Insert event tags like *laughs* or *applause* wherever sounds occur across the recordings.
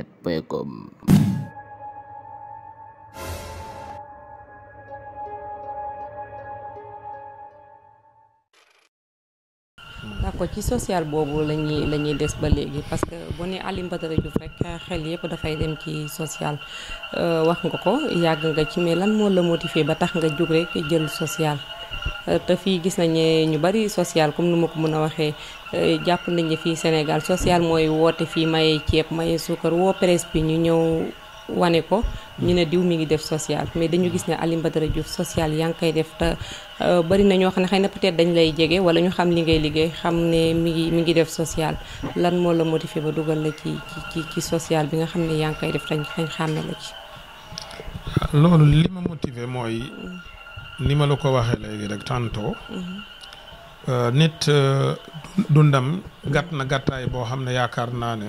Pekom. ko ci social bobu lañuy lañuy dess des ba légui parce que boné Alim Badara Diouf rek xel ya, da fay dem ci social eh, wax nga ko yag nga ci mais lan mo la motivé ba tax nga jóg rek jël social te fii gis nañu ñu bari social comme nu ma ko mën a waxee eh, jàpp nañ ne fii Sénégal social mooy woote fii maye ceeb maye suukar woo presse bi ñu ñëw wane ko ñu ne diw mi ngi def social mais dañu gis ne Alioune Badara Diouf social yaa ngi koy def te eh, bari na ñoo xam ne xëy na peut dañ lay jege wala ñu xam li ngay liggéey xam ne mi ngi mi ngi def social lan moo la motivé ba dugal la ci ci ci social bi nga xam ne yaa ngi koy def dañ xàmme la ci. Ah, loolu li ma motivé mooy. Mm. ni ma la ko waxee léegi rek tantôt euh, nit euh, dundam gat na gàttaay boo xam ne yaakaar naa ne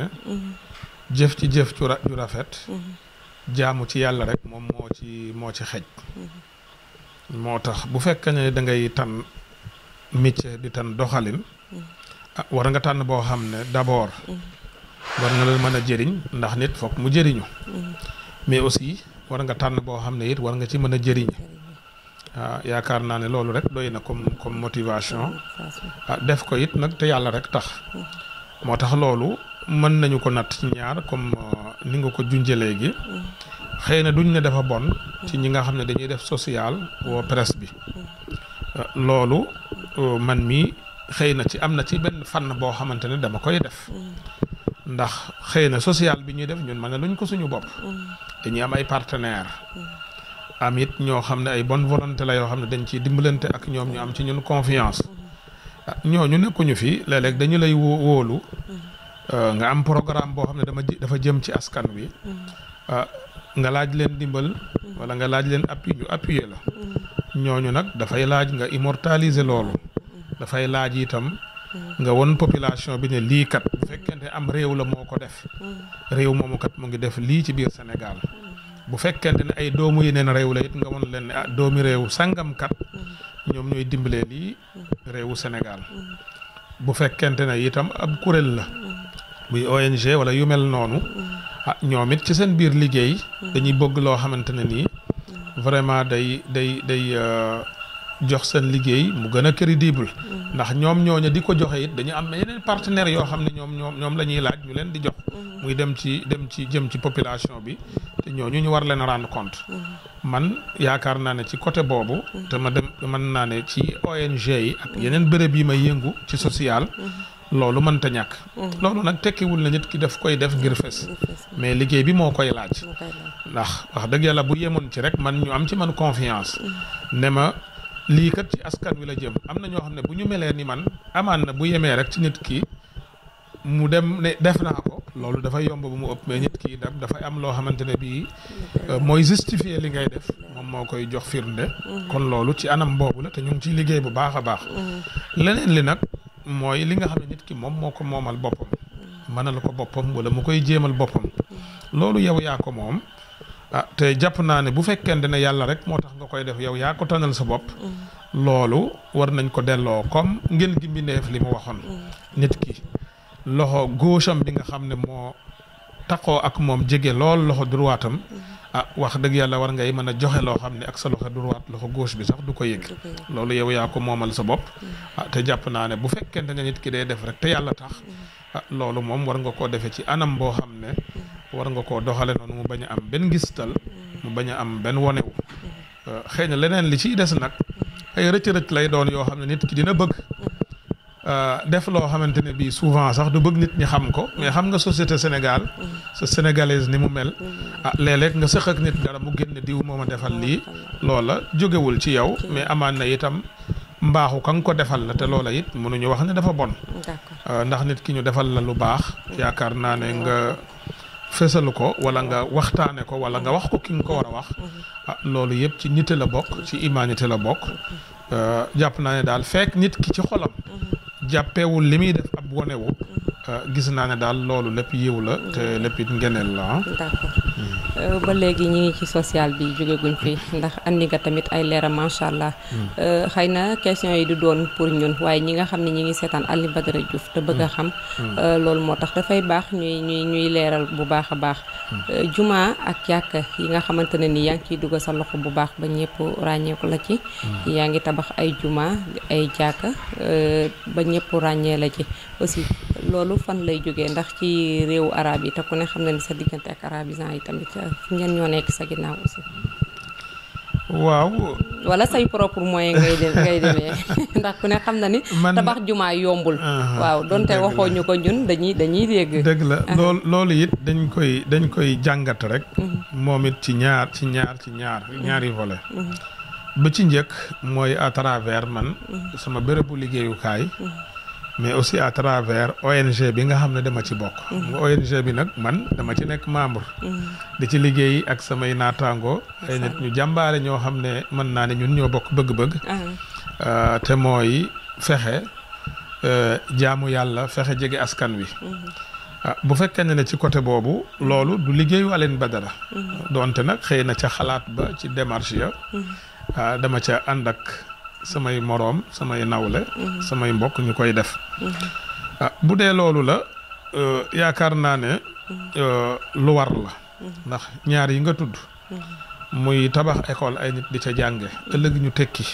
jëf ci jëf ju rafet jaamu ci yàlla rek moom moo ci moo ci xej moo bu fekkee ne da ngay tan di tan doxalin ah war nga tànn boo xam ne d'abord war nga la mën a jëriñ ndax nit foog mu jëriñu mm-hmm. mais aussi war nga tànn boo xam ne war nga ci mën a ah yaakaar naa ne loolu rek doy na comme comme motivation ah, def ko it nag te yàlla rek tax moo tax loolu mën nañu ko natt ci ñaar comme ah, ni nga ko junjee léegi xëy na duñ ne dafa bon ci ñi nga xam ne dañuy def social woo presse bi ah, loolu oh, man mi xëy na ci am na ci benn fànn boo xamante ne dama koy def ndax xëy na social bi ñuy def ñun mën na luñ ko suñu bopp mm. dañuy am ay partenaires. Mm. am it ñoo xam ne ay bonne volonté la yoo xam ne dañ ciy dimbalante ak ñoom ñu am ci ñun confiance ah, ñooñu nekkuñu fi léeg dañu lay wóolu euh, nga am programme boo xam ne dama dafa jëm ci askan wi ah, nga laaj leen dimbal wala nga laaj leen appi ñu appuyer la ñooñu nag dafay laaj nga immortaliser loolu dafay laaj itam nga won population bi ne lii kat bu fekkente am réew la moo ko def réew moomu kat mu ngi def lii ci biir Sénégal bu fekkente ne ay doomu yeneen réew la it nga mën leen ne ah doomi réew sangamkat ñoom ñooy dimbalee lii réewu senegal bu fekkente ne itam ab kuréel la muy ONG wala yu mel noonu a ah, ñoom it ci seen biir liggéey dañuy bëgg loo xamante ne nii vraiment day day day euh, jox seen liggéey mu gën a crédible ndax ñoom ñooña di ko joxe it dañu am yeneen partenaires yoo xam ne ñoom ñoom ñoom la ñuy laaj ñu leen di jox muy dem ci dem ci jëm ci population bi te ñooñu ñu war leen rend compte man yaakaar naa ne ci côté boobu te ma dem man naa ne ci ONG yi ak yeneen béréb yi may yëngu ci social loolu mënta ñakk loolu nag tekkiwul na nit ki daf koy def ngir fes mais liggéey bi moo koy laaj ndax wax dëgg yàlla bu yemoon ci rek man ñu am ci lii kat ci askan wi la jëm am na ñoo xam ne bu ñu melee ni man amaan na bu yemee rek ci nit ki mu dem def naa ko loolu dafay yomb bu mu ëpp mais nit ki daf dafay am loo xamante ne bii euh, mooy justifier li ngay def moom moo koy jox firnde. Mm-hmm. kon loolu ci anam boobu la te ñu ngi ciy liggéey bu baax a baax. Mm-hmm. leneen li nag mooy li nga xam ne nit ki moom moo ko moomal boppam. Mm-hmm. mënal ko boppam wala mu koy jéemal boppam. loolu yow yaa ko moom. ah te jàpp naa ne bu fekkente ne yàlla rek moo tax nga koy def yow yaa ko tànnal sa bopp. Mm. loolu war nañ ko delloo comme ngeen gi mbindeef li ma waxoon. Mm. nit ki loxo góosam bi nga xam ne moo taqoo ak moom jege lool loxo droitam. Mm. a ah, wax dëgg yàlla war ngay mën a joxe loo xam ne ak sa loxo droite loxo gauche bi sax du ko yëg loolu yow yaa ko moomal sa bopp a ah, te jàpp naa ne bu fekkente ne nit ki day def rek te yàlla tax ah loolu moom war nga koo defee ci anam boo xam ne war nga koo doxale noonu mu bañ a am benn gistal mu bañ a am benn wonewu xëy na leneen li ciy des nag ay rëcc-rëcc lay doon yoo xam ne nit ki dina bëgg euh, def loo xamante ne bii souvent sax du bëgg nit ñi xam ko mais xam nga société Sénégal sa sénégalaise ni mu mel ah léeg nga sëq ak nit dara mu génn diw moo ma defal lii loola jógewul ci yow mais amaan na itam mbaaxu ka nga ko defal la te loola it ñu wax ne dafa bon euh, ndax nit ki ñu defal la lu baax fësal ko wala nga waxtaane ko wala nga wax ko ki nga ko war a wax mhm. ah loolu yëpp ci nite la bokk ci imanité la bokk mhm. ah, jàpp naa ne daal fekk nit ki ci xolam mhm. jàppeewul li muy def ab wonewu ah, gis naa ne daal loolu lépp yiw la te lépp it ngeneel la ah. Euh, ba léegi ñi ngi ci social bi jóge guñ fi ndax andi nga tamit ay leeram macha allah. Hmm. Euh, xëy na question yi du doon pour ñun waaye ñi nga xam ne ñi ngi seetaan Aliou Badara jouf te bëgg a hmm. xam. Hmm. Euh, loolu moo tax dafay baax ñuy ñuy leeral bu baax a baax. juma ak jàkka yi nga xamante ne ni yaa ngi ciy duggal sa loxo bu baax ba ñëpp ràññeeku la ci. yaa ngi tabax ay jumaa ay jàkka ba ñëpp ràññee la ci aussi loolu fan lay jógee ndax ci réewu arab yi te ku ne xam na ni sa diggante ak arabisant yi ngeen ñoo nekk sa ginnaaw aussi. waaw. wala say propre moyen ngay demee *laughs* ndax ku ne xam na ni. man tabax jumaa yombul. waaw donte waxoo ñu ko ñun dañuy dañuy dégg. dëgg la lool loolu it dañ koy dañ koy jàngat rek. Mhm. moom it ci ñaar ci ñaar mhm. ñaari volet. Mhm. ba ci njëkk mooy à travers man. sama bérébu liggéeyukaay. mais aussi à travers ONG bi nga xam ne dama ci bokk. Mm-hmm. ONG bi nag man dama ci nekk membre. Mm-hmm. di ci liggéey ak samay naataangoo. ay nit ñu jàmbaare ñoo xam ne mën naa ne ñun ñoo bokk bëgg-bëgg. Ah. Euh, te mooy fexe euh, jaamu yàlla fexe jege askan wi. Mm-hmm. Ah, bu fekkee ne ci côté boobu loolu du liggéeyu Alioune Badara. donte nag xëy na ca xalaat ba ci démarche ya. Ah, dama ca ànd ak. samay moroom samay nawle. Mhm. samay mbokk ñu koy def. Mhm. ah bu dee loolu la euh, yaakaar naa ne mhm. euh, lu war la. ndax ñaar yi nga tudd. muy tabax école ay nit di ca jànge ëllëg ñu tekki.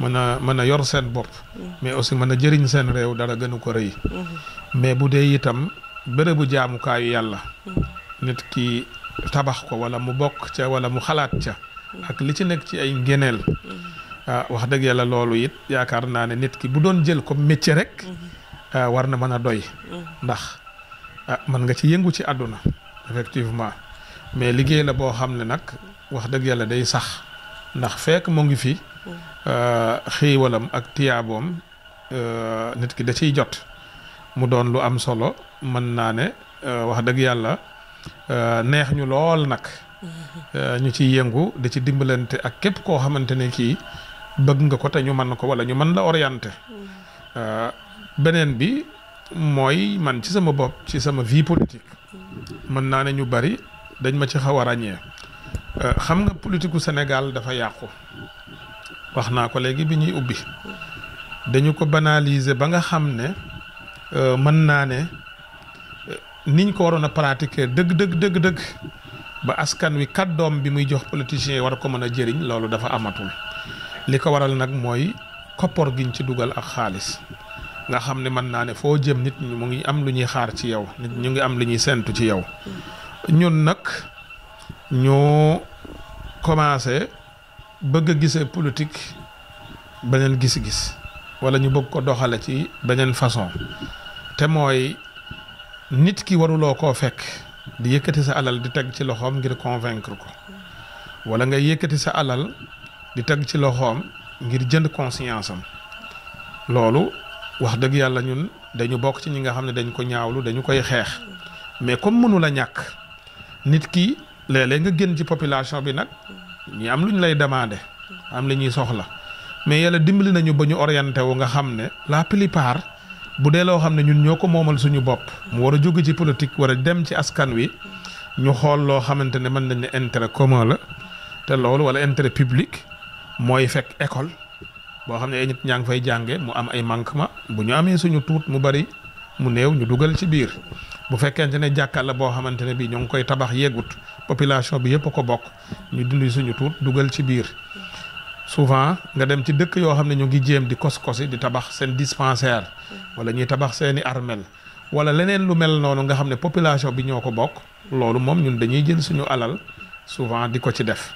mën na mën a yor seen bopp. mais aussi mën na jëriñ seen réew dara gënu ko rëy. mais bu dee itam bërëbu jaamukaayu yàlla. nit ki tabax ko wala mu bokk ca wala mu xalaat ca. ak li ci nekk ci ay ngeneel. Ah, wax dëgg yàlla loolu it yaakaar naa ne nit ki bu doon jël comme métier rek mhm. ah, war na mën a doy mhm. ndax ah, mën nga ci yëngu ci àdduna effectivement mais liggéey la boo xam ne nag wax dëgg yàlla day sax ndax fekk mu ngi fi mhm. xiiwalam ak tiyaaboom nit ki da ciy jot mu doon lu am solo mën naa ne wax dëgg yàlla neex ñu lool nag ñu ciy yëngu da ci dimbalante ak képp koo xamante ne kii bëgg nga ko te ñu mën ko wala ñu mën la orienté mm. euh, beneen bi mooy man ci sama bopp ci sama vie politique mën naa ne ñu bari dañ ma ci xaw ràññee euh, xam nga politiku Sénégal dafa yàqu wax naa ko léegi bi ñuy ubbi dañu ko banaliser ba nga xam ne euh, mën naa ne niñ ko waroon a pratiquer dëgg dëgg dëgg dëgg ba askan wi kàddoom bi muy jox politiciens yi war ko mën a jëriñ loolu dafa amatul. li ko waral nag mooy koppor giñ ci dugal ak xaalis nga xam ne mën naa ne foo jëm nit mu ngi am lu ñuy xaar ci yow nit ñu ngi am lu ñuy séntu ci yow ñun nag ñu commencé bëgg a gisee politique beneen gis-gis wala ñu bëgg ko doxale ci beneen façon te mooy nit ki waruloo koo fekk di yëkkati sa alal di teg ci loxoom ngir convaincre ko wala nga yëkkati sa alal di teg ci loxoom ngir jënd conscience loolu wax dëgg yàlla ñun dañu bokk ci ñi nga xam ne dañ ko ñaawlu dañu koy xeex mais comme mënu la ñàkk nit ki léeg nga génn ci population bi nag ñi am lu ñu lay demandé am li ñuy soxla mais yàlla dimbali nañu ba ñu orienté wu nga xam ne la plupart bu dee loo xam ne ñun ñoo ko moomal suñu bopp. mu war a jóge ci politique war a dem ci askan wi ñu xool loo xamante ne mën nañ ne intérêt comment la te loolu wala intérêt public. mooy fekk école boo xam ne ay nit ñaa ngi fay jànge mu am ay manquement bu ñu amee suñu tuut mu bari mu néew ñu dugal ci biir bu fekkente ne jàkka la boo xamante ne bii ñoo ngi koy tabax yeegut population bi yëpp a ko bokk ñu dindi suñu tuut dugal ci biir souvent nga dem ci dëkk yoo xam ne ñu ngi jéem di kos-kosi di tabax seen dispensaire wala ñuy tabax seeni armel wala leneen lu mel noonu nga xam ne population bi ñoo ko bokk loolu moom ñun dañuy jël suñu alal souvent di ko ci def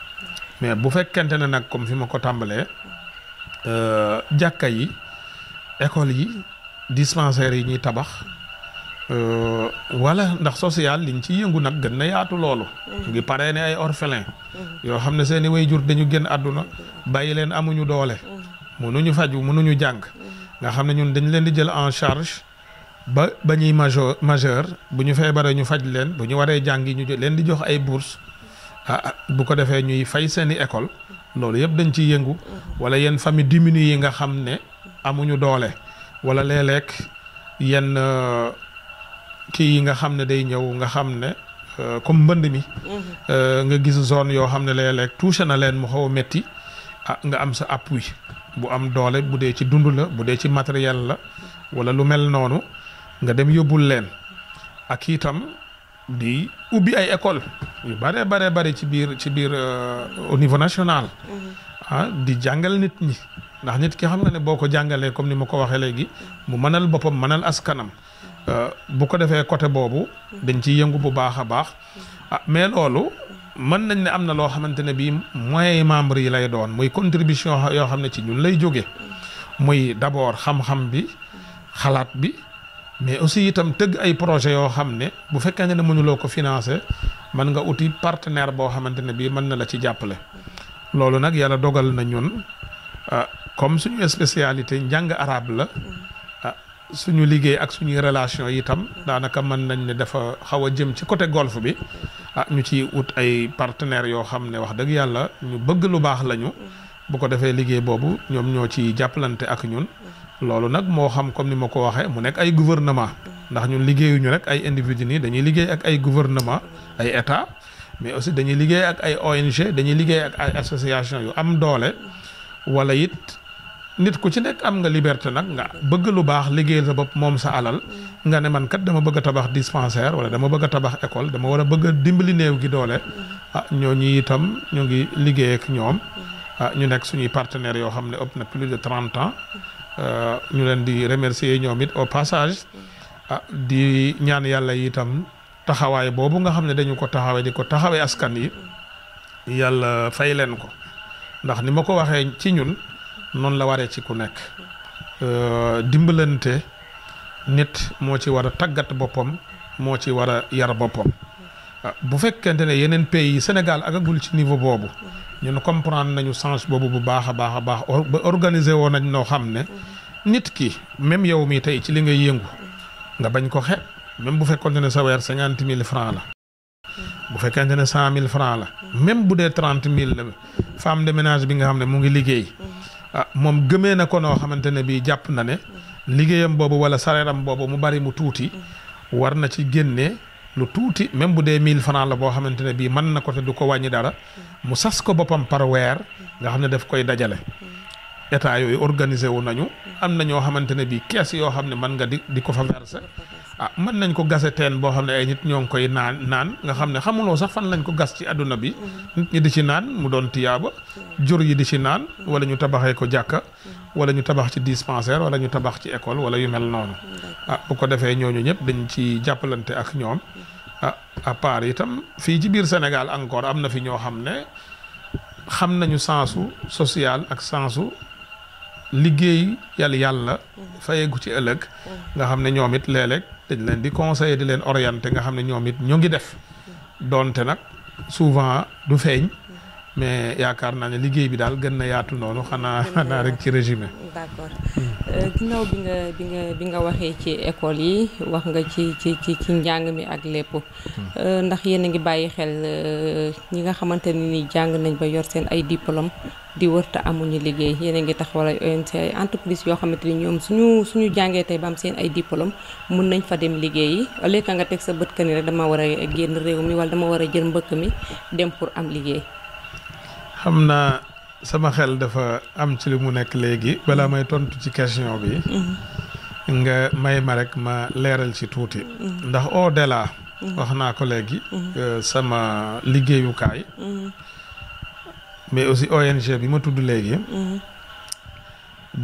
mais bu fekkente ne nag comme fi ma ko tàmbalee euh, jàkka yi école yi dispensaire yi ñuy tabax wala euh, ndax social liñ ci yëngu nag gën na yaatu loolu mm. ngi ay orphelin mm. yoo xam ne seeni way jur dañu génn àdduna bàyyi leen amuñu doole mm. mënuñu faju mënuñu jàng nga xam ne ñun dañ leen di jël en charge ba ba ñuy majeur majeur bu ñu feebaree ñu faj leen bu ñu waree yi ñu leen di jox ay bourse Ah, ah bu ko defee ñuy fay seeni école loolu yëpp dañ ciy yëngu wala yenn famille diminuée yi nga xam ne amuñu doole wala léeg-léeg yenn euh, kii yi nga xam ne day ñëw nga xam ne euh, comme mbënd mi mm-hmm. euh, nga gis zone yoo xam ne léeg-léeg touché na leen mu xaw a métti ah nga am sa appui bu am doole bu dee ci dund la bu dee ci matériel la wala lu mel noonu nga dem yóbbul leen ak itam di ubbi ay école yu bare bare bari ci biir ci biir euh, au niveau national. Mm-hmm. Ah, di jàngal nit ñi ndax nit ki xam nga ne boo ko jàngalee comme ni ma ko waxee léegi mu mënal boppam mënal askanam euh, bu ko defee côté boobu dañ ciy yëngu bu baax a baax ah, mais loolu mën nañ ne am na loo xamante ne bii moyen membre yi lay doon muy contribution yoo xam ne ci ñun lay jóge muy d'abord xam-xam bi xalaat bi. mais aussi itam tëgg ay projet yoo xam ne bu fekkee ne mënuloo ko financer mën nga uti partenaire boo xamante ne bii mën na la ci jàppale. loolu nag yàlla dogal na ñun ah, comme suñu spécialité njàng arabe la ah, suñu liggéey ak suñuy relation yitam daanaka mën nañ ne dafa xaw a jëm ci côté golf bi ah ñu ci ut ay partenaires yoo xam ne wax dëgg yàlla ñu bëgg lu baax lañu bu ko defee liggéey boobu ñoom ñoo ci jàppalante ak ñun loolu nag moo xam comme ni ma ko waxee mu nekk ay gouvernement ndax ñun liggéeyuñu rek ay individu nii dañuy liggéey ak ay gouvernement ay état mais aussi dañuy liggéey ak ay ONG dañuy liggéey ak ay association yu am doole wala it nit ku ci nekk am nga liberté nag nga bëgg lu baax liggéeyal sa bopp moom sa alal nga ne man kat dama bëgg a tabax dispensaire wala dama bëgg a tabax école dama war a bëgg a dimbali néew gi doole ah ñooñu itam ñoo ngi liggéey ak ñoom ah ñu nekk suñuy partenaires yoo xam ne ëpp na plus trente ans Euh, ñu leen di remercier ñoom it au passage ah di ñaan yàlla itam taxawaay boobu nga xam ne dañu ko taxawee di ko taxawee askan yi yàlla fay leen ko ndax ni ma ko waxee ci ñun noonu la waree ci ku nekk euh, dimbalante nit moo ci war a tàggat boppam moo ci war a yar boppam ah, bu fekkente ne yeneen pays yi Sénégal agagul ci niveau boobu ñun comprendre nañu sens boobu bu baax a baax a baax ba organise woo nañ noo xam ne mm-hmm. nit ki même yow mii tey ci li ngay yëngu mm-hmm. nga bañ ko xe même bu fekkonte ne sa weer cinquante mille franc la mm-hmm. bu fekkente ne cent mille franc la même bu dee trente mille la femme de ménage bi nga xam ne mu ngi liggéey ah moom gëmee na ko noo xamante ne bii jàpp na ne liggéeyam boobu wala salaire am boobu mu bari mu tuuti war na ci génnee lu tuuti même bu dee 1000 fanaan la boo xamante ne bii mën na ko te du ko wàññi dara mu sas ko boppam par weer nga xam ne daf koy dajale état yooyu organisé wu nañu am na ñoo xamante ne bii kees yoo xam ne mën nga di di ko fa versé ah mën nañ ko gase teen boo xam ne ay nit ñoo ngi koy naan naan nga xam ne xamuloo sax fan lañ ko gas ci àdduna bi nit di ci naan mu doon tiyaaba jur yi di ci naan wala ñu tabaxee ko jàkka wala ñu tabax ci dispensaire wala ñu tabax ci école wala yu mel noonu a ah, bu ko defee ñooñu ñëpp dañ ci jàppalante ak ñoom mm-hmm. a ah, à part itam fii ci biir Sénégal encore am na fi ñoo xam ne xam nañu sensu social ak sensu liggéey yàlla yàlla mm-hmm. fayeegu ci ëllëg mm-hmm. nga xam ne ñoom it léeg dañ leen di conseiller di leen orienter nga xam ne ñoom it ñu ngi def donte nag souvent du feeñ mais yaakaar naa ne liggéey bi daal gën na yaatu noonu xanaa xanaa rek ci résumé. d'accord hmm. euh, ginnaaw bi nga bi nga bi nga waxee ci école yi wax nga ci ci ci ci mi ak lépp. Hmm. Euh, ndax yéen a ngi xel euh, ñi nga xamante ni jàng nañ ba yor seen ay diplôme di wër te amuñu liggéey yéen a taxawal ay ONG ay entreprise yoo xamante ñoom suñu suñu jàngee tey ba am seen ay diplôme mun nañ fa dem liggéeyi léegi nga sa rek dama réew mi wala dama jël mi dem pour am liggéey. xam naa sama xel dafa am ci li mu nekk léegi balaa may tontu ci question bi nga may ma rek ma leeral ci tuuti ndax au delà wax naa ko léegi sama liggéeyukaay mais aussi ONG bi ma tudd léegi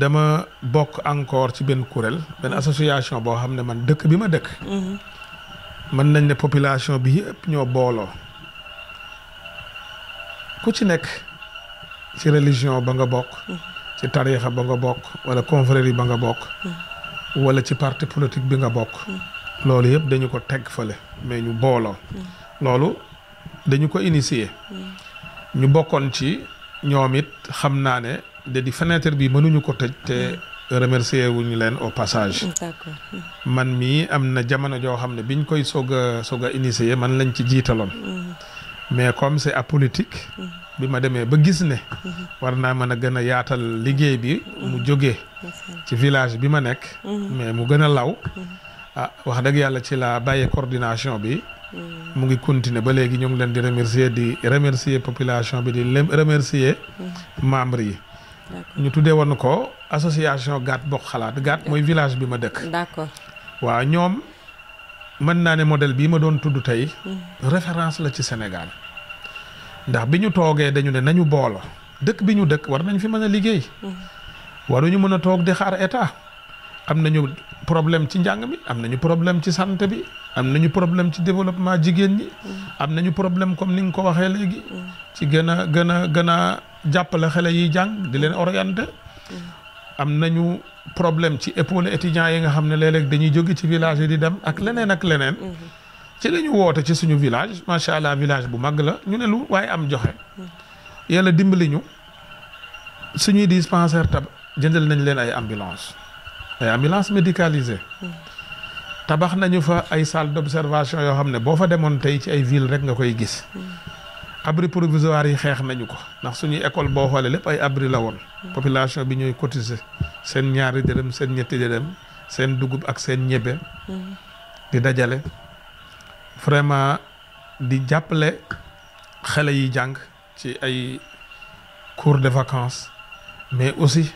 dama bokk encore ci benn kuréel benn association boo xam ne man dëkk bi ma dëkk mën nañ ne population bi yëpp ñoo booloo ku ci nekk ci religion ba nga bokk ci tariixa ba nga bokk wala confrérie ba nga bokk wala ci parti politique bi nga bokk loolu yëpp dañu ko teg fale mais ñu booloo loolu dañu ko initier ñu bokkoon ci ñoom it xam naa ne de di fenêtre bi mënuñu ko tëj te remercier wuñu leen au passage man mii am na jamono joo xam ne biñ koy soog a soog a initier man lañ ci jiitaloon mais comme c'est apolitique bi ma demee ba gis ne war naa mën a gën a yaatal liggéey bi mu jóge ci village bi ma nekk mais mu gën a law a ah, wax dëgg yàlla ci la bàyyee coordination bi mu ngi continuer ba léegi ñu ngi leen di remercier di remercier population bi di remercier membres yi ñu tuddee woon ko association Gaat Bokk Xalaat Gaat mooy village bi ma dëkk d'accord ñoom mën naa ne modèle bii ma doon tudd tey. référence la ci Sénégal. ndax bi ñu toogee dañu ne nañu boolo dëkk bi ñu dëkk war nañ fi mën a liggéey. ñu mën a toog di xaar état. am nañu problème ci njàng mi am nañu problème ci santé bi am nañu problème ci développement jigéen ñi. am nañu problème comme ni nga ko waxee léegi. ci gën a gën a gën a jàppale xele yiy jàng di leen orienté. am nañu problème ci épaule étudiants yi nga xam ne léeg-léeg dañuy jóge ci village yi di dem ak leneen ak leneen. Mm-hmm. ci la woote ci suñu village macha allah village bu mag la ñu ne lu waaye am joxe. yàlla dimbali ñu suñuy dispensaire tab jëndal nañ leen ay ambulance ay ambulance médicalisée. Mm-hmm. tabax nañu fa ay salle d' observation yoo xam ne boo fa demoon tey ci ay ville rek nga koy gis. Mm-hmm. abri provisoire yi xeex nañu ko ndax suñuy école boo xoolee lépp ay abri la woon hmm. population bi ñuy cotiser seen ñaari dërëm seen ñetti dërëm seen dugub ak seen ñebe hmm. di dajale vraiment di jàppale xele yi jàng ci ay cours de vacance mais aussi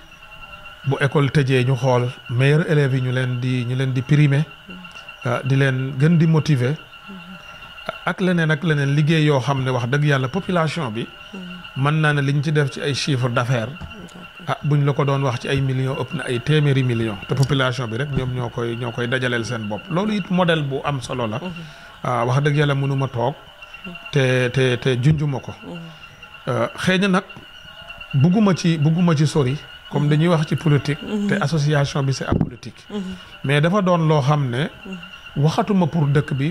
bu école tëjee ñu xool meilleurs élèves yi ñu leen di ñu leen di primer hmm. euh, di leen gën di motiver ak leneen ak leneen liggéey yoo xam ne wax dëgg yàlla population bi mën naa ne li ñu ci def ci ay chiffre d'affaires ah buñ la ko doon wax ci ay million ëpp na ay téeméeri million te population bi rek ñoom ñoo koy ñoo koy dajaleel seen bopp loolu it modèle bu am solo la mhm. ah, wax dëgg yàlla mënuma toog te te te junjuma ko mhm. ah, xëy na nag bugguma ci bugguma ci sori comme dañuy wax ci politique mhm. te association bi c'est apolitique mais dafa doon loo xam ne waxatuma pour dëkk bi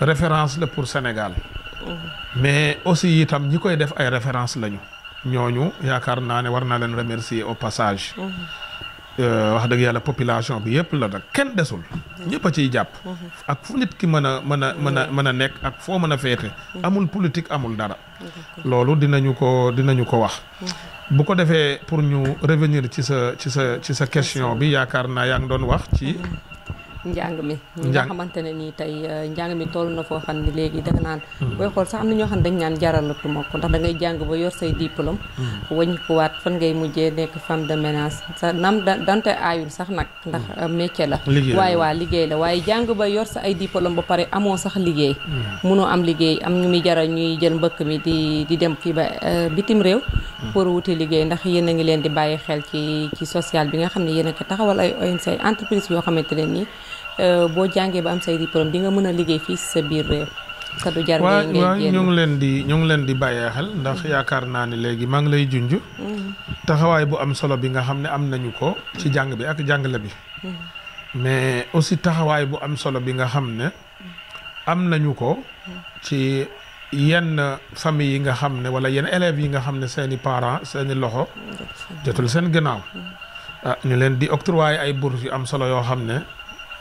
référence le pour Sénégal mais aussi itam ñi koy def ay référence lañu ñooñu yaakaar na ne war na leen remercier au passage euh, wax dëgg la population bi yépp la nak kenn dessul ñëpp ci japp ak fu nit ki mën a mën a nek ak fo mën fété amul politique amul dara lolu dinañu ko dinañu ko wax bu ko défé pour ñu revenir ci sa ci sa ci sa question bi yaakar na yaa ngi doon wax ci njàng mi nga xamante ne nii tey njàng mi toll na foo xam ne léegi da nga naan sax am na xam dañ naan jaral la pour mokk ndax da ngay jàng ba yor say diplôme hmm. wañ ko waat fan ngay mujjee nekk femme de ménage sa nam dante aayul sax nak ndax hmm. eh, métier la waaye waa liggéey la waaye jàng ba yor sa ay diplôme ba pare amo sax liggéey hmm. munoo am liggéey am ñu muy jaral ñuy jël mi di di dem fii ba eh, bitim réew pour wuti liggéey ndax yéen a ngi leen di bàyyi xel ci ci social bi nga xam ne yéen a taxawal ay ONC entreprise ne Euh, boo jàngee ba am say diplôme di nga mën a liggéey fii sa biir réew. ñoo ngi leen di ñoo ngi leen di bàyyee xel ndax mm-hmm. yaakaar naa ne léegi maa ngi lay junj. Mm-hmm. taxawaay bu am solo bi nga xam ne am nañu ko. ci jàng bi ak jàngale bi. Mm-hmm. mais aussi taxawaay bu am solo bi nga xam ne. am nañu ko. ci yenn famille yi nga xam ne wala yenn élèves yi nga xam ne seeni parents seeni loxo. jotul seen gannaaw. Ah, ñu leen di octroyer ay bourses yu am solo yoo xam ne.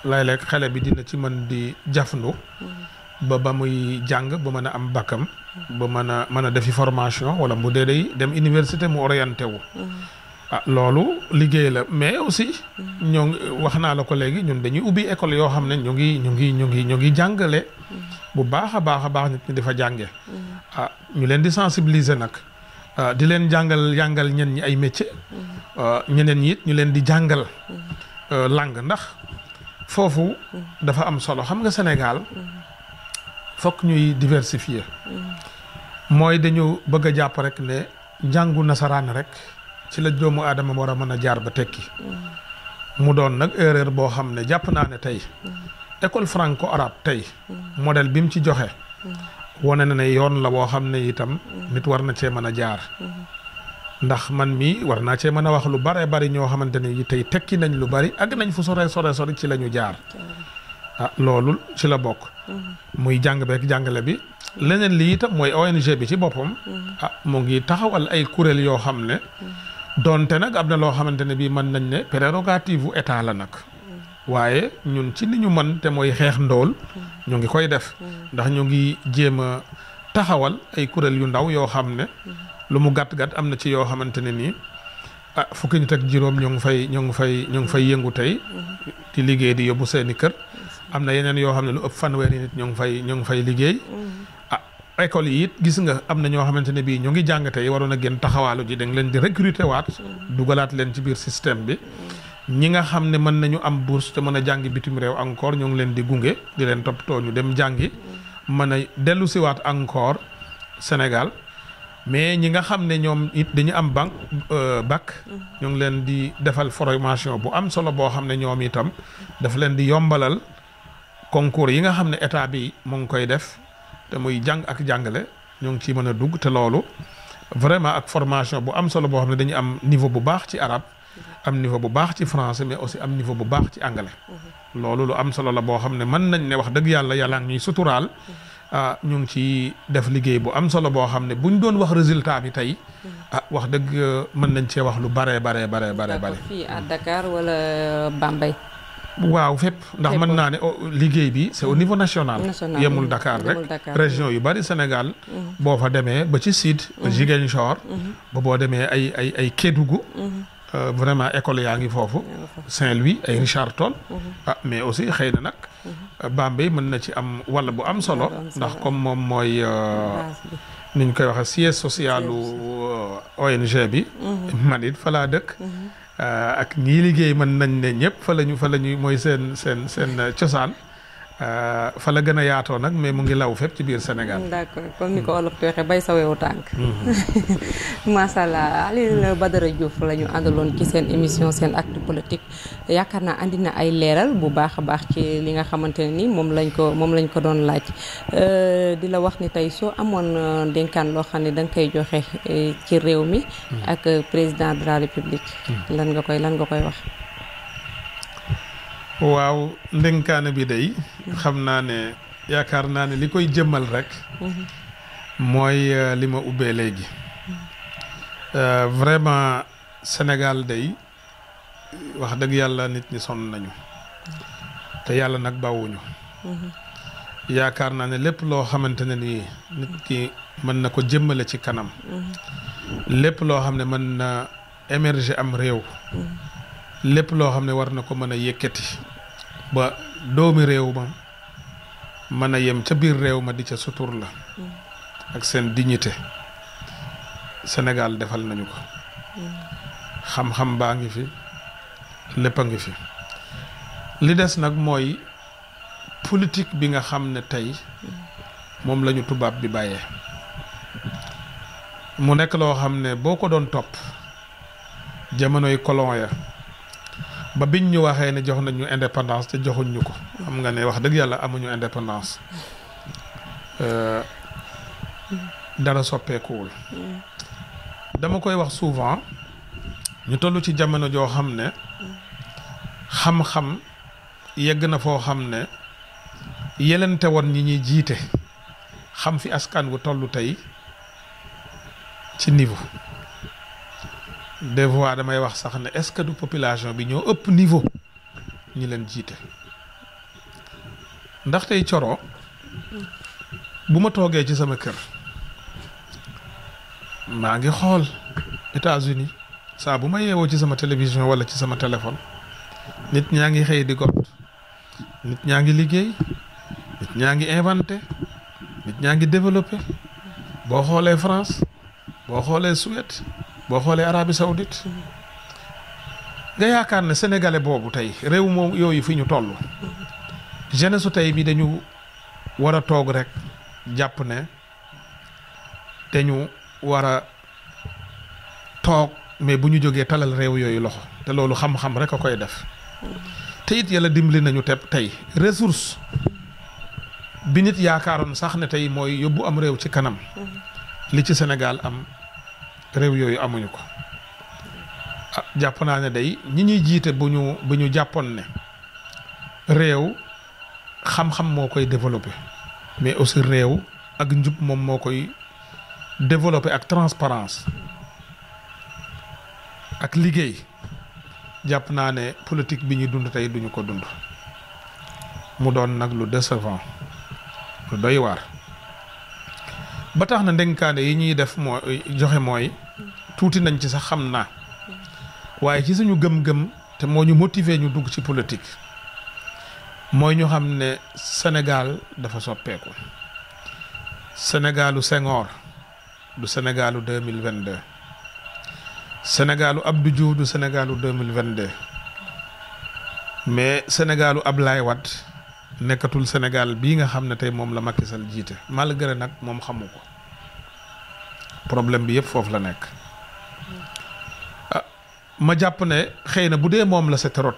lay lay xalé bi dina ci man di jafnu mm-hmm. ba ba muy jang ba am bakam ba def formation wala mu dee dem université mu orienté wu mm-hmm. ah lolu liggéey la mais aussi mm-hmm. ñong waxna la ko légui ñun dañuy ubi école yo xam ñu ngi ñu ngi ñu ngi ñu ngi bu baax a baax a nit ñi difa jangé ah ñu leen di sensibiliser nak ah, di leen jangal jàngal ñen ñi ay métier ah, ñeneen ñi ñu leen di ah, langue ndax foofu dafa am solo xam nga Sénégal fokk ñuy diversifier mooy dañu bëgg a jàpp rek ne njàngu nasaraan rek ci la doomu aadama war a mën a jaar ba tekki mu doon nag erreur boo xam ne jàpp naa ne tey école franco arabe tey model bi mu ci joxe wane na ne yoon la boo xam ne itam nit war na cee mën a jaar ndax man mii war naa cee mën a wax lu bare bari ñoo xamante ne tey tekki nañ lu bari ak nañ fu sore sore sore ci la ñu jaar ah, loolu ci la bokk mm-hmm. muy jàng jàngale bi leneen li itam mooy ONG bi ci boppam mm-hmm. ah mu ngi taxawal ay kuréel yoo xam ne mm-hmm. doonte nag am na loo xamante ne bii mën nañ ne prérogative u état la nag waaye ñun ci ni ñu mën te mooy xeex ndool ñu ngi koy def ndax ñu ngi jéem a taxawal ay kuréel yu ndaw yoo xam ne lu mu gàtt-gàtt am na ci yoo xamante ne nii ah fukki nit ak juróom ñoo ngi fay ñoo ngi fay ñoo ngi fay yëngu tey di liggéey di yóbbu seeni kër am na yeneen yoo xam ne lu ëpp fanweeri nit ñu ngi fay ñu ngi fay liggéey mm-hmm. ah école yi gis nga am na ñoo xamante ne bii ñu ngi jàng tey waroon a gën taxawaalu ji dañ leen di recruter waat mm-hmm. dugalaat leen ci biir système bi mm-hmm. ñi nga xam ne mën nañu am bourse te mën a jàngi bitim réew encore ñoo ngi leen di gunge di leen toppatoo ñu dem jàngi mën a dellu siwaat encore Sénégal mais ñi nga xam ne ñoom it dañu am banque euh, bac mm-hmm. ñu ngi leen di defal formation bu am solo boo xam ne ñoom itam daf leen di yombalal concours yi nga xam ne état bi mu ngi koy def te muy jàng ak jàngale ñu ngi ciy mën a dugg te loolu vraiment ak formation bu am solo boo xam ne dañu am niveau bu baax ci arab mm-hmm. am niveau bu baax ci français mais aussi am niveau bu baax ci anglais mm-hmm. loolu lu am solo la boo xam ne mën nañ ne wax dëgg yàlla yàlla ñuy suturaal ah ñu ngi ci def liggéey bu am solo boo xam ne buñ doon wax résultat bi tey. Hmm. a ah, wax dëgg euh, mën nañ cee wax lu baree baree bare baree bare fii à Dakar wala euh, Bambey. waaw fépp ndax mën naa ne oh, liggéey bi c'est niveau national. Hmm. yemul Dakar rek hmm. région yu bari Sénégal. boo fa demee ba ci Sud. Ziguinchor. ba boo demee ay ay ay Kédougou. Euh, vraiment école yaa ngi foofu. Saint-Louis ay Richard Toll. Mhm. ah mais aussi xëy na nag. Mhm. Euh, Bambey mën na ci am wala bu am solo. ndax comme moom mooy. Euh, ni ñu koy waxee siège social lu ONG bi. Mhm. *laughs* man it fa laa dëkk. ak ñii liggéey mën nañ ne ñëpp fa la ñu fa la mooy seen seen seen cosaan. Euh, fa la gën a yaatoo nag mais mu ngi law fépp ci biir Sénégal. Mm, d'accord comme ni ko olof di bay sa wewu tànk. macha allah ba Badara Diouf la ñu àndaloon ci seen émission seen acte politique yaakaar naa andi na ay leeral bu baax a baax ci li nga xamante ne ni moom lañ ko moom lañ ko doon laaj. Euh, di la wax ni tey soo amoon euh, dénkaan loo xam ne da koy joxe ci réew mi. Mm. ak président de la république. Mm. lan nga koy lan nga koy wax. waaw ndénkaane bi day xam naa ne yaakaar naa ne li koy jëmmal rek mooy euh, li ma ubbee léegi euh, vraiment Sénégal day wax dëgg yàlla nit ñi sonn nañu te yàlla nag bawuñu yaakaar naa ne lépp loo xamante ne nii nit ki mën na ko jëmmale ci kanam lépp loo xam ne mën na émerger am réew lépp loo xam ne war na ko mën a yëkkati ba doomi réew ma mën a yem ca biir réew ma di ca sutur la ak seen dignité senegal defal nañu ko xam-xam baa ngi fi lépp a ngi fi li des nag mooy politik bi nga xam ne tey moom lañu tubaab bi bàyyee mu nekk loo xam ne boo ko doon topp jamonoy colon ya ba biñ ñu waxee ne jox nañ indépendance te joxuñ ko xam nga ne wax dëgg yàlla amuñu indépendance euh, dara soppeekuwul dama koy wax souvent ñu toll ci jamono joo xam ne xam-xam yegg na foo xam ne yelente woon ñi ñuy jiite xam fi askan wu toll tey ci niveau des fois damay wax sax ne est-ce que du population bi ñoo ëpp niveau ñi leen jiite ndax tey coro bu ma toogee ci sama kër maa ngi xool États-Unis saa bu ma yeewoo ci sama télévision wala ci sama téléphone nit ñaa ngi xëy di got nit ñaa ngi liggéey nit ñaa ngi inventé nit ñaa ngi développé boo xoolee France boo xoolee Suède boo xoolee Arabie Saoudite nga yaakaar ne sénégalais boobu tey réew moom yooyu fi ñu toll jeunesse su tey bi dañu war a toog rek jàpp ne dañu war a toog mais bu ñu jógee talal réew yooyu loxo te loolu xam-xam rek a koy def te yalla yàlla dimbali nañu te tey ressource bi nit yaakaaroon sax ne tey mooy yóbbu am réew ci kanam li ci Sénégal am réew yooyu amuñu ko ah jàpp naa ne day ñi ñuy jiite bu ñu bu ñu jàppoon ne réew xam-xam moo koy développé mais aussi réew ak njub moom moo koy développé ak transparence ak liggéey jàpp naa ne politique bi ñu dund tey duñu ko dund mu doon nag lu décevant lu doy waar ba tax na ndenkaane yi ñuy def mooy joxe mooy tuuti nañ ci sax xam naa waaye ci suñu gëm-gëm te moo ñu motiver ñu dugg ci politique mooy ñu xam ne Sénégal dafa soppeeku Sénégalu Senghor du Sénégalu deux mille vingt deux Sénégalu Abdou Diouf du Sénégalu deux mille vingt deux mais ab lay Wade nekkatul Sénégal bii nga xam ne tey moom la Macky Sall jiite malgré nag moom xamu ko problème bi yëpp foofu la nekk. ma jàpp ne xëy na bu dee moom la c'est trop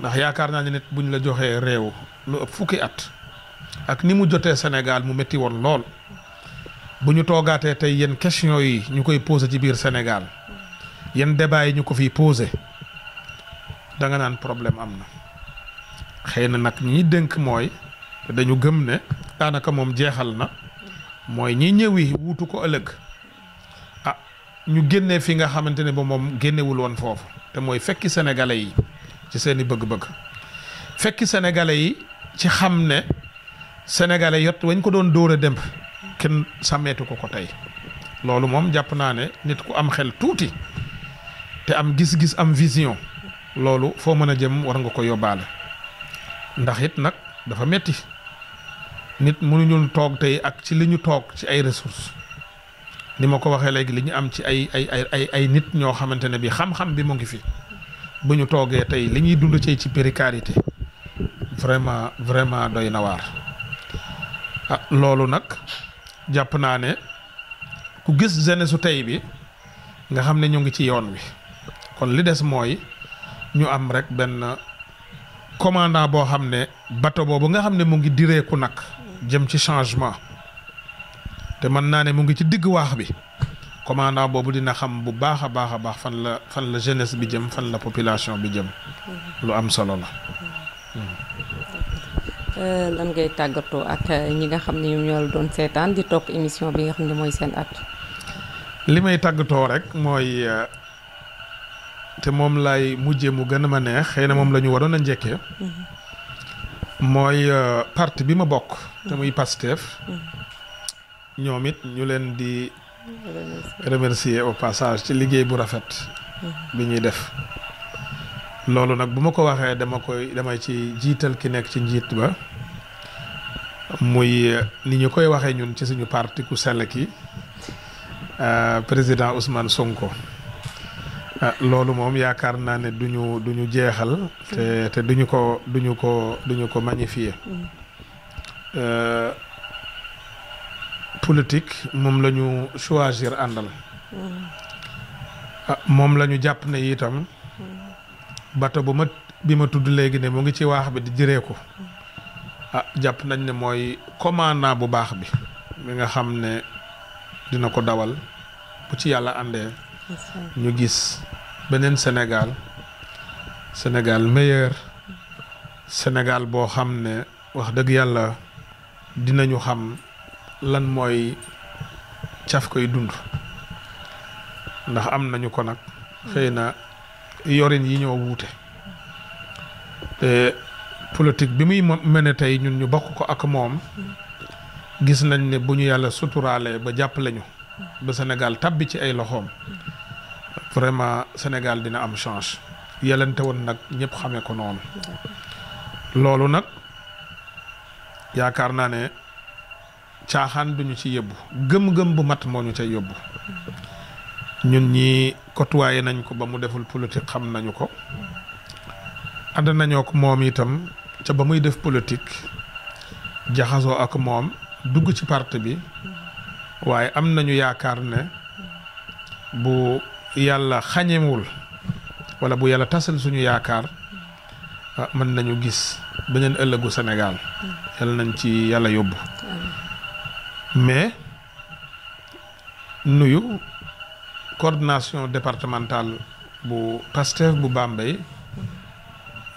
ndax yaakaar naa ne nit bu ñu la joxee réew lu ëpp fukki at ak ni mu jotee Sénégal mu métti woon lool bu ñu toogaatee tey yenn question yi ñu koy posé ci biir Sénégal yenn débat yi ñu ko fi posé da nga naan problème am na xëy na nag ñi dénk mooy dañu gëm ne daanaka moom jeexal na mooy ñi ñëwi wuutu ko ëllëg ñu génnee fi nga xamante ne ba moom génnewul woon foofu te mooy fekki sénégalais yi ci seen i bëgg-bëgg fekki sénégalais yi ci xam ne sénégalais yot wañ ko doon dóor a dem kenn sàmmeetu ko ko tey loolu moom jàpp naa ne nit ku am xel tuuti te am gis-gis am vision loolu foo mën a jëm war nga ko yóbbaale ndax it nag dafa metti nit mënuñu toog tey ak ci li ñu toog ci ay ressources ni ma ko waxee léegi li ñu am ci ay ay ay ay nit ñoo xamante ne bi xam-xam bi mu ngi fi bu ñu toogee tey li ñuy dund ci ci précarité vraiment vraiment doy na waar a ah, loolu nag jàpp naa ne ku gis jeunesse su tey bi nga xam ne ñu ngi ci yoon wi kon li des mooy ñu am rek benn commandant boo xam ne bateau boobu nga xam ne mu ngi direeku nag jëm ci changement te mën naa ne mu ngi ci digg waax bi commandant boobu dina xam bu baax a baax a baax fan la fan la jeunesse bi jëm fan la population bi jëm lu am solo la euh, lan ngay tàggatoo ak euh, ñi nga xam ne ñoom ñoo la doon seetaan di topp émission bi nga xam ne mooy seen at li may tàggatoo rek mooy euh, te moom laay mujjee mu gën a ma neex xëy na moom la waroon a njëkkee mm-hmm. mooy parti bi ma bokk te muy Pastef mm-hmm. ñoom it ñu leen di remercier au passage ci liggéey bu rafet mm-hmm. bi ñuy def loolu nag bu ma ko waxee dama koy damay ci jiital ki nekk ci njiit ba muy ni ñu koy waxee ñun ci suñu partiku ku sell ki euh, président Ousmane Sonko euh, loolu moom yaakaar naa ne duñu duñu jeexal te te duñu ko duñu ko duñu ko magnifier mm-hmm. euh, politique moom la ñu choisir àndal. Ah, moom la ñu jàpp ne itam. bato bu bi ma tudd léegi ne mu ngi ci waax bi di jëree ko. Ah, jàpp nañ ne mooy commandant bu baax bi. mi nga xam ne dina ko dawal bu ci yàlla àndee. ñu gis beneen Sénégal. Sénégal meilleur. Sénégal boo xam ne wax dëgg yàlla dinañu xam. lan mooy caf koy dund ndax am nañu ko nag xëy na yorin yi ñoo wuute te politique bi muy mene tey ñun ñu bokk ko ak moom gis nañ ne bu ñu yàlla suturaalee ba jàpp lañu ba Sénégal tabbi ci ay loxoom vraiment Sénégal dina am change yelente woon nag ñëpp xamee ko noonu loolu nag yaakaar naa ne caaxaan duñu ci yóbbu gëm-gëm bu mat moo ñu ca yóbbu ñun ñii kotuwaaye nañ ko ba mu deful politique xam nañu ko ànd nañoo ko moom itam ca ba muy def politique jaxasoo ak moom dugg ci parti bi waaye am nañu yaakaar ne bu yàlla xañewul wala bu yàlla tasal suñu yaakaar ah, mën nañu gis beneen ëllëgu Sénégal yàlla nañ ci yàlla yóbbu mais nuyu coordination départementale bu Pasteur bu Bambey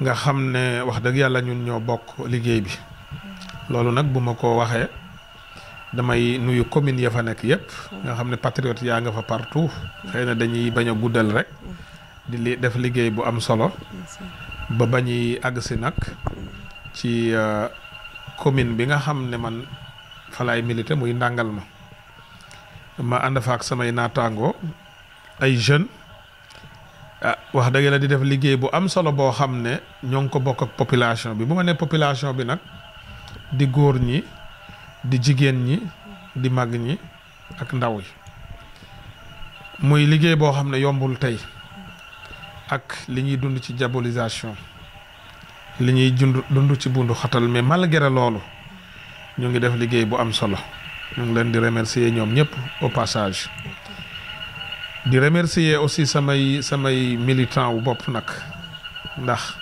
nga xam ne wax dëgg yàlla ñun ñoo bokk liggéey bi loolu nag bu ko waxee damay nuyu commune ya fa nekk yépp nga xam patriote nga fa partout xëy dañuy bañ guddal rek di def liggéey bu am solo ba bañuy àgg si nag ci euh, commune bi nga ne man falaay milité muy ndàngal ma ma ànd fa ak samay naataangoo ay jeunes ah wax dëgg la di def liggéey bu am solo boo xam ne ñoo ngi ko bokk ak population bi bu ma nee population bi nag di góor ñi di jigéen ñi di mag ñi ak ndaw yi muy liggéey boo xam ne yombul tey ak li ñuy dund ci diabolisation li ñuy dund dund ci bundu xatal mais malgré loolu ñu ngi def liggéey bu am solo ñu ngi leen di remercier ñoom ñëpp au passage di remercier aussi samay samay militant wu bopp nag ndax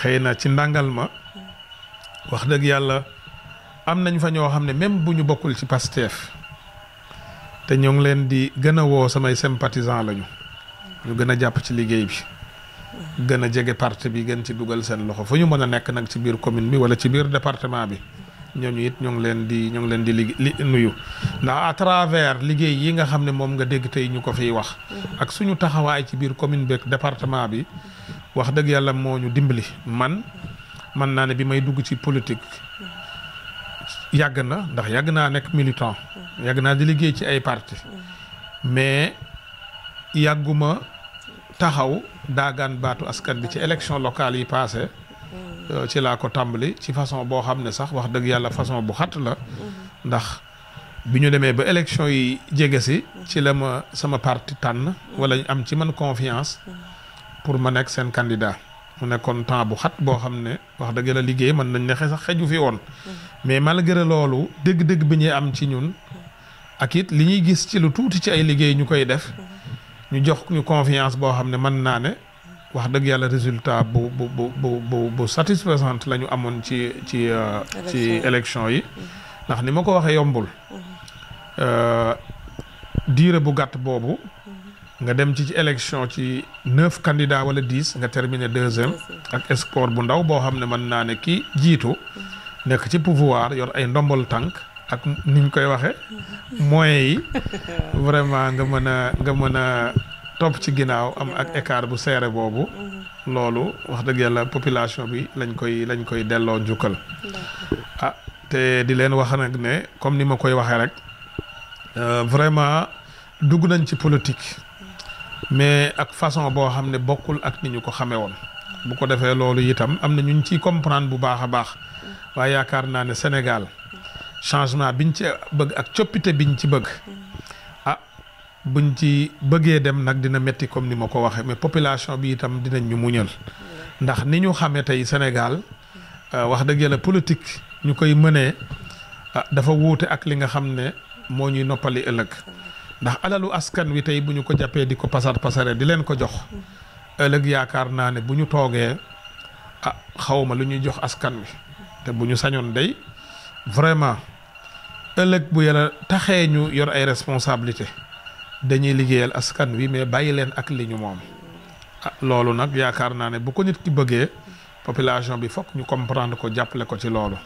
xëy na ci ndàngal ma wax dëgg yàlla am nañ fa ñoo xam ne même bu ñu bokkul ci Pastef te ñu ngi leen di gën a woo samay sympathisant lañu ñu gën a jàpp ci liggéey bi gën a jege parti bi gën ci dugal seen loxo fu ñu mën a nekk nag ci biir commune bi wala ci biir département bi ñooñu it ñoo ngi leen di ñoo ngi leen di li nuyu ndax à travers liggéey yi nga xam ne moom nga dégg tey ñu ko fiy wax mm-hmm. ak suñu taxawaay ci biir commune beeg département bi wax dëgg yàlla moo ñu dimbali man man naa ne bi may dugg ci politique yàgg na ndax yàgg naa nekk militant mm-hmm. yàgg naa di liggéey ci ay parti mm-hmm. mais yàgguma taxaw daagaan baatu askan bi ci élection locale yi passé Euh, ci laa ko tàmbali ci façon boo xam ne sax wax dëgg yàlla façon bu xat la mhm. ndax bi ñu demee ba élection yi jege si ci la ma sama parti tànn wala ñu am ci man confiance mhm. pour ma nekk seen candidat mu nekkoon temps bu xat boo xam ne wax dëgg la liggéey mën nañ ne sax xeju fi woon mhm. mais malgré loolu dëgg-dëgg bi ñuy am ci ñun ak it li ñuy gis ci lu tuuti ci ay liggéey ñu koy def ñu jox ñu confiance boo xam ne mën naa ne wax dëgg yàlla résultat bu bu bu bu bu satisfaisante la ñu amoon ci ci euh, ci élection yi mm-hmm. ndax ni ma ko waxee yombul mm-hmm. euh, diire bu gàtt boobu mm-hmm. nga dem ci ci élection ci neuf candidats wala dix nga terminer deuxième ak score bu ndaw boo xam ne mën naa ne kii jiitu nekk ci pouvoir yor ay ndombal tànk ak ni ñu koy waxee moyens yi *laughs* vraiment nga mën a nga mën a topp ci ginnaaw am ak écart bu seere boobu mm-hmm. loolu wax dëgg yàlla population bi lañ koy lañ koy delloo njukkal ah te di leen wax nag ne comme ni ma koy waxee rek euh, vraiment dugg nañ ci politique mais ak façon boo xam ne bokkul ak ni ñu ko xamee woon bu ko defee loolu itam am na ñu ciy comprendre bu baax a baax waaye yaakaar naa ne Sénégal mm-hmm. changement biñ ci bëgg ak coppite biñ ci bëgg mm-hmm. buñ ci bëggee dem nag dina metti comme ni ma ko waxee mais population bi itam dinañ ñu muñal ndax ni ñu xamee tey Sénégal euh, wax dëgg yàlla politique ñu koy mënee ah, dafa wuute ak li nga xam ne moo ñuy noppali ëllëg ndax alalu askan wi tey bu ñu ko jàppee di ko pasar pasare di leen ko jox ëllëg yaakaar naa ne bu ñu toogee ah xawma lu ñuy jox askan wi te bu ñu sañoon day vraiment ëllëg bu yàlla taxee ñu yor ay responsabilité dañuy liggéeyal askan wi mais bàyyi leen ak li ñu moom a ah, loolu nag yaakaar naa ne bu ko nit ki bëggee population bi fokk ñu comprendre ko jàppale ko ci loolu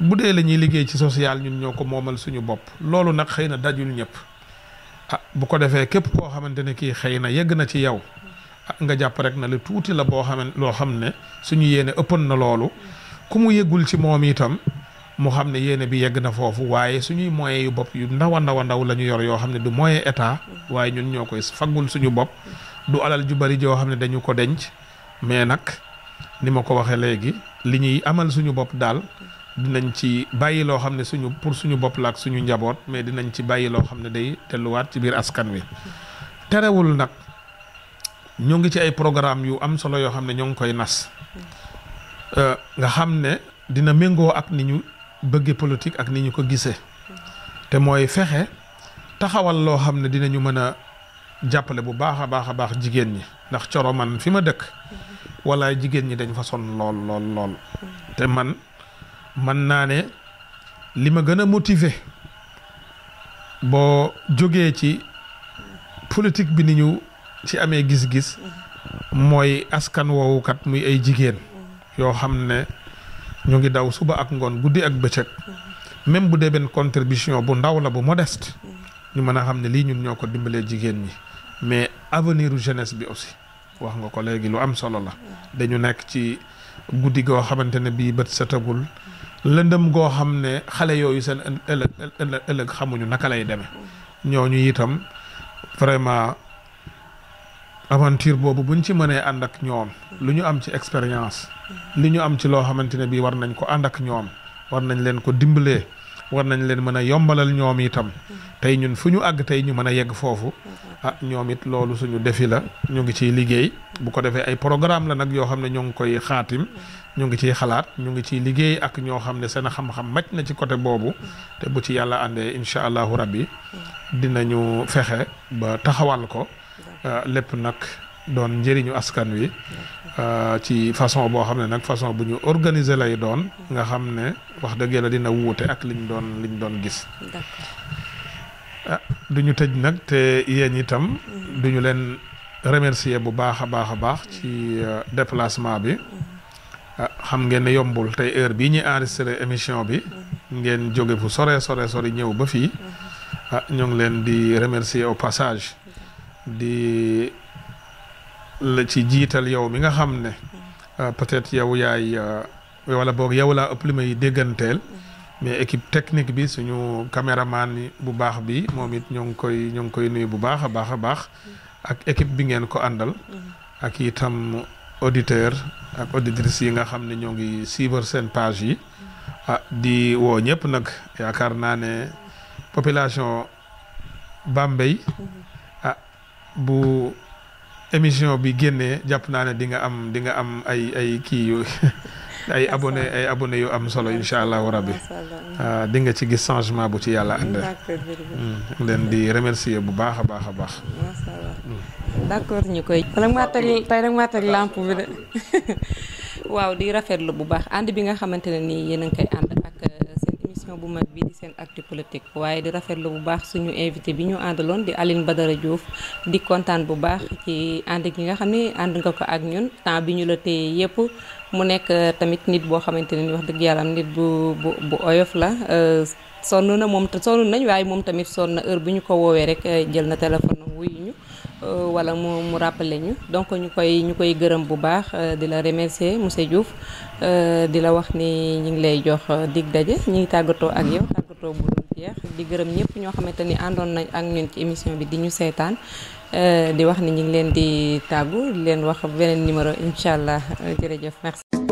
bu dee la ñuy liggéey ci social ñun ñoo ko moomal suñu bopp loolu nag xëy na dajul ñëpp ah bu ko defee képp koo xamante ne kii xëy na yegg na ci yow ah, nga jàpp rek na lu tuuti la boo xam loo xam ne suñu yéene ëppoon na loolu ku mu yëgul ci moom itam moo xam ne yéene bi yegg na foofu waaye suñuy moyens yu bopp yu ndaw a ndaw a ndaw la ñu yor yoo xam ne du moyen état waaye ñun ñoo koy faggul suñu bopp du alal ju bari joo xam ne dañu ko denc mais nag ni ma ko waxee léegi li ñuy amal suñu bopp daal dinañ ci bàyyi loo xam ne suñu pour suñu bopp suñu njaboot mais dinañ ci bàyyi loo xam ne day delluwaat ci biir askan wi terewul nag ñoo ngi ci ay programme yu am solo yoo xam ne ñoo ngi koy nas euh, nga xam ne dina méngoo ak ni ñu bëgge politique ak ni ñu ko gisee te mooy fexe taxawal loo xam ne dinañu mën a jàppale bu baax a baax a baax jigéen ñi ndax coro man fi ma dëkk wala jigéen ñi dañ fa son lool lool lool te man man naa ne li ma gën a motiver boo jógee ci politique bi ni ñu ci amee gis-gis mooy askan woowu muy ay jigéen yoo xam ne ñu ngi daw suba ak ngoon guddi ak bëccëg même bu dee benn contribution bu ndaw la bu modeste ñu mën a xam ne lii ñun ñoo ko dimbalee jigéen ñi mais avenir u bi aussi wax nga ko léegi lu am solo la dañu nekk ci guddi goo xamante ne bii bët setagul lëndëm goo xam ne xale yooyu seen ëllëg ëllëg xamuñu naka lay demee ñooñu itam vraiment aventure boobu buñ ci mënee ànd ak ñoom lu ñu am ci expérience li ñu am ci loo xamante ne bii war nañ ko ànd ak ñoom war nañ leen ko dimbalee war nañ leen mën a yombalal ñoom itam tey ñun fu ñu àgg tey ñu mën a yegg foofu ah ñoom it loolu suñu defi la ñu ngi ciy liggéey bu ko defee ay programme la nag yoo xam ne ñu ngi koy xaatim ñu ngi ciy xalaat ñu ngi ciy liggéey ak ñoo xam ne seen xam-xam màcc na ci côté boobu te bu ci yàlla àndee incha allahu rabbi dinañu fexe ba taxawal ko Euh, lépp nag doon njëriñu askan wi euh, ci façon boo xam ne nag façon bu ñu organiser lay doon nga xam ne wax dëgg yàlla dina wuute ak liñ doon liñ doon gis ah, du ñu tëj nag te yéen itam mm-hmm. du ñu leen remercier bu baax a baax a baax mm-hmm. ci euh, déplacement bi mm-hmm. ah, xam ngeen ne yombul tey heure bii ñuy enregistré émission bi ngeen jóge fu sore sore sori ñëw ba fii ah ñu ngi leen di remercier au passage di la ci jiital yow mi nga xam ne mm. euh, peut-être yow yaay euh, wala boog yow laa ëpp li may dégganteel mm. mais équipe technique bi suñu caméraman bu baax bi moom it ñoo ngi koy ñoo ngi koy nuyu bu baax a baax a baax mm. ak équipe bi ngeen ko àndal ak itam auditeur ak auditrices yi nga xam ne ñoo ngi suivre seen page yi ah di woo ñëpp nag yaakaar naa ne population Bambey bu émission bi génnee jàpp naa ne di nga am di nga am ay ay kii yu *laughs* ay abone ay abone yu am solo incha allahu rabbi ah, di nga ci gis changement bu ci yàlla ànd hmm, leen di remercier bu baax a baax a baax hmm. d'accord ñu koy nag maa teg tey nag maa teg lamp bi de *laughs* waaw di rafetlu bu baax ànd bi nga xamante ne nii yéen a koy ànd émission bu mag bi di seen actu waaye di rafetlu bu baax suñu invité bi ñu àndaloon di ba Badara Diouf di kontaan bu baax ci ànd gi nga xam ne ànd nga ko ak ñun temps bi ñu la téye yépp mu nekk euh, tamit nit boo xamante ne wax dëgg yàlla nit bu bu bu oyof la euh, sonn na moom sonn nañ waaye moom tamit sonn na heure bu ñu ko woowee rek euh, jël na téléphone. Euh, wala mu mu rappelé ñu donc ñu koy ñu koy gërëm bu baax euh, di la remercier monsieur Diouf euh, di la wax ni ñu ngi lay jox dig daje ñu ngi tàggatoo ak yow tàggatoo bu dul jeex di gërëm ñëpp ñoo xamante ni àndoon nañ ak ñun ci émission bi di ñu seetaan di wax ni ñu ngi leen di tàggu leen wax beneen numéro incha allah jërëjëf merci.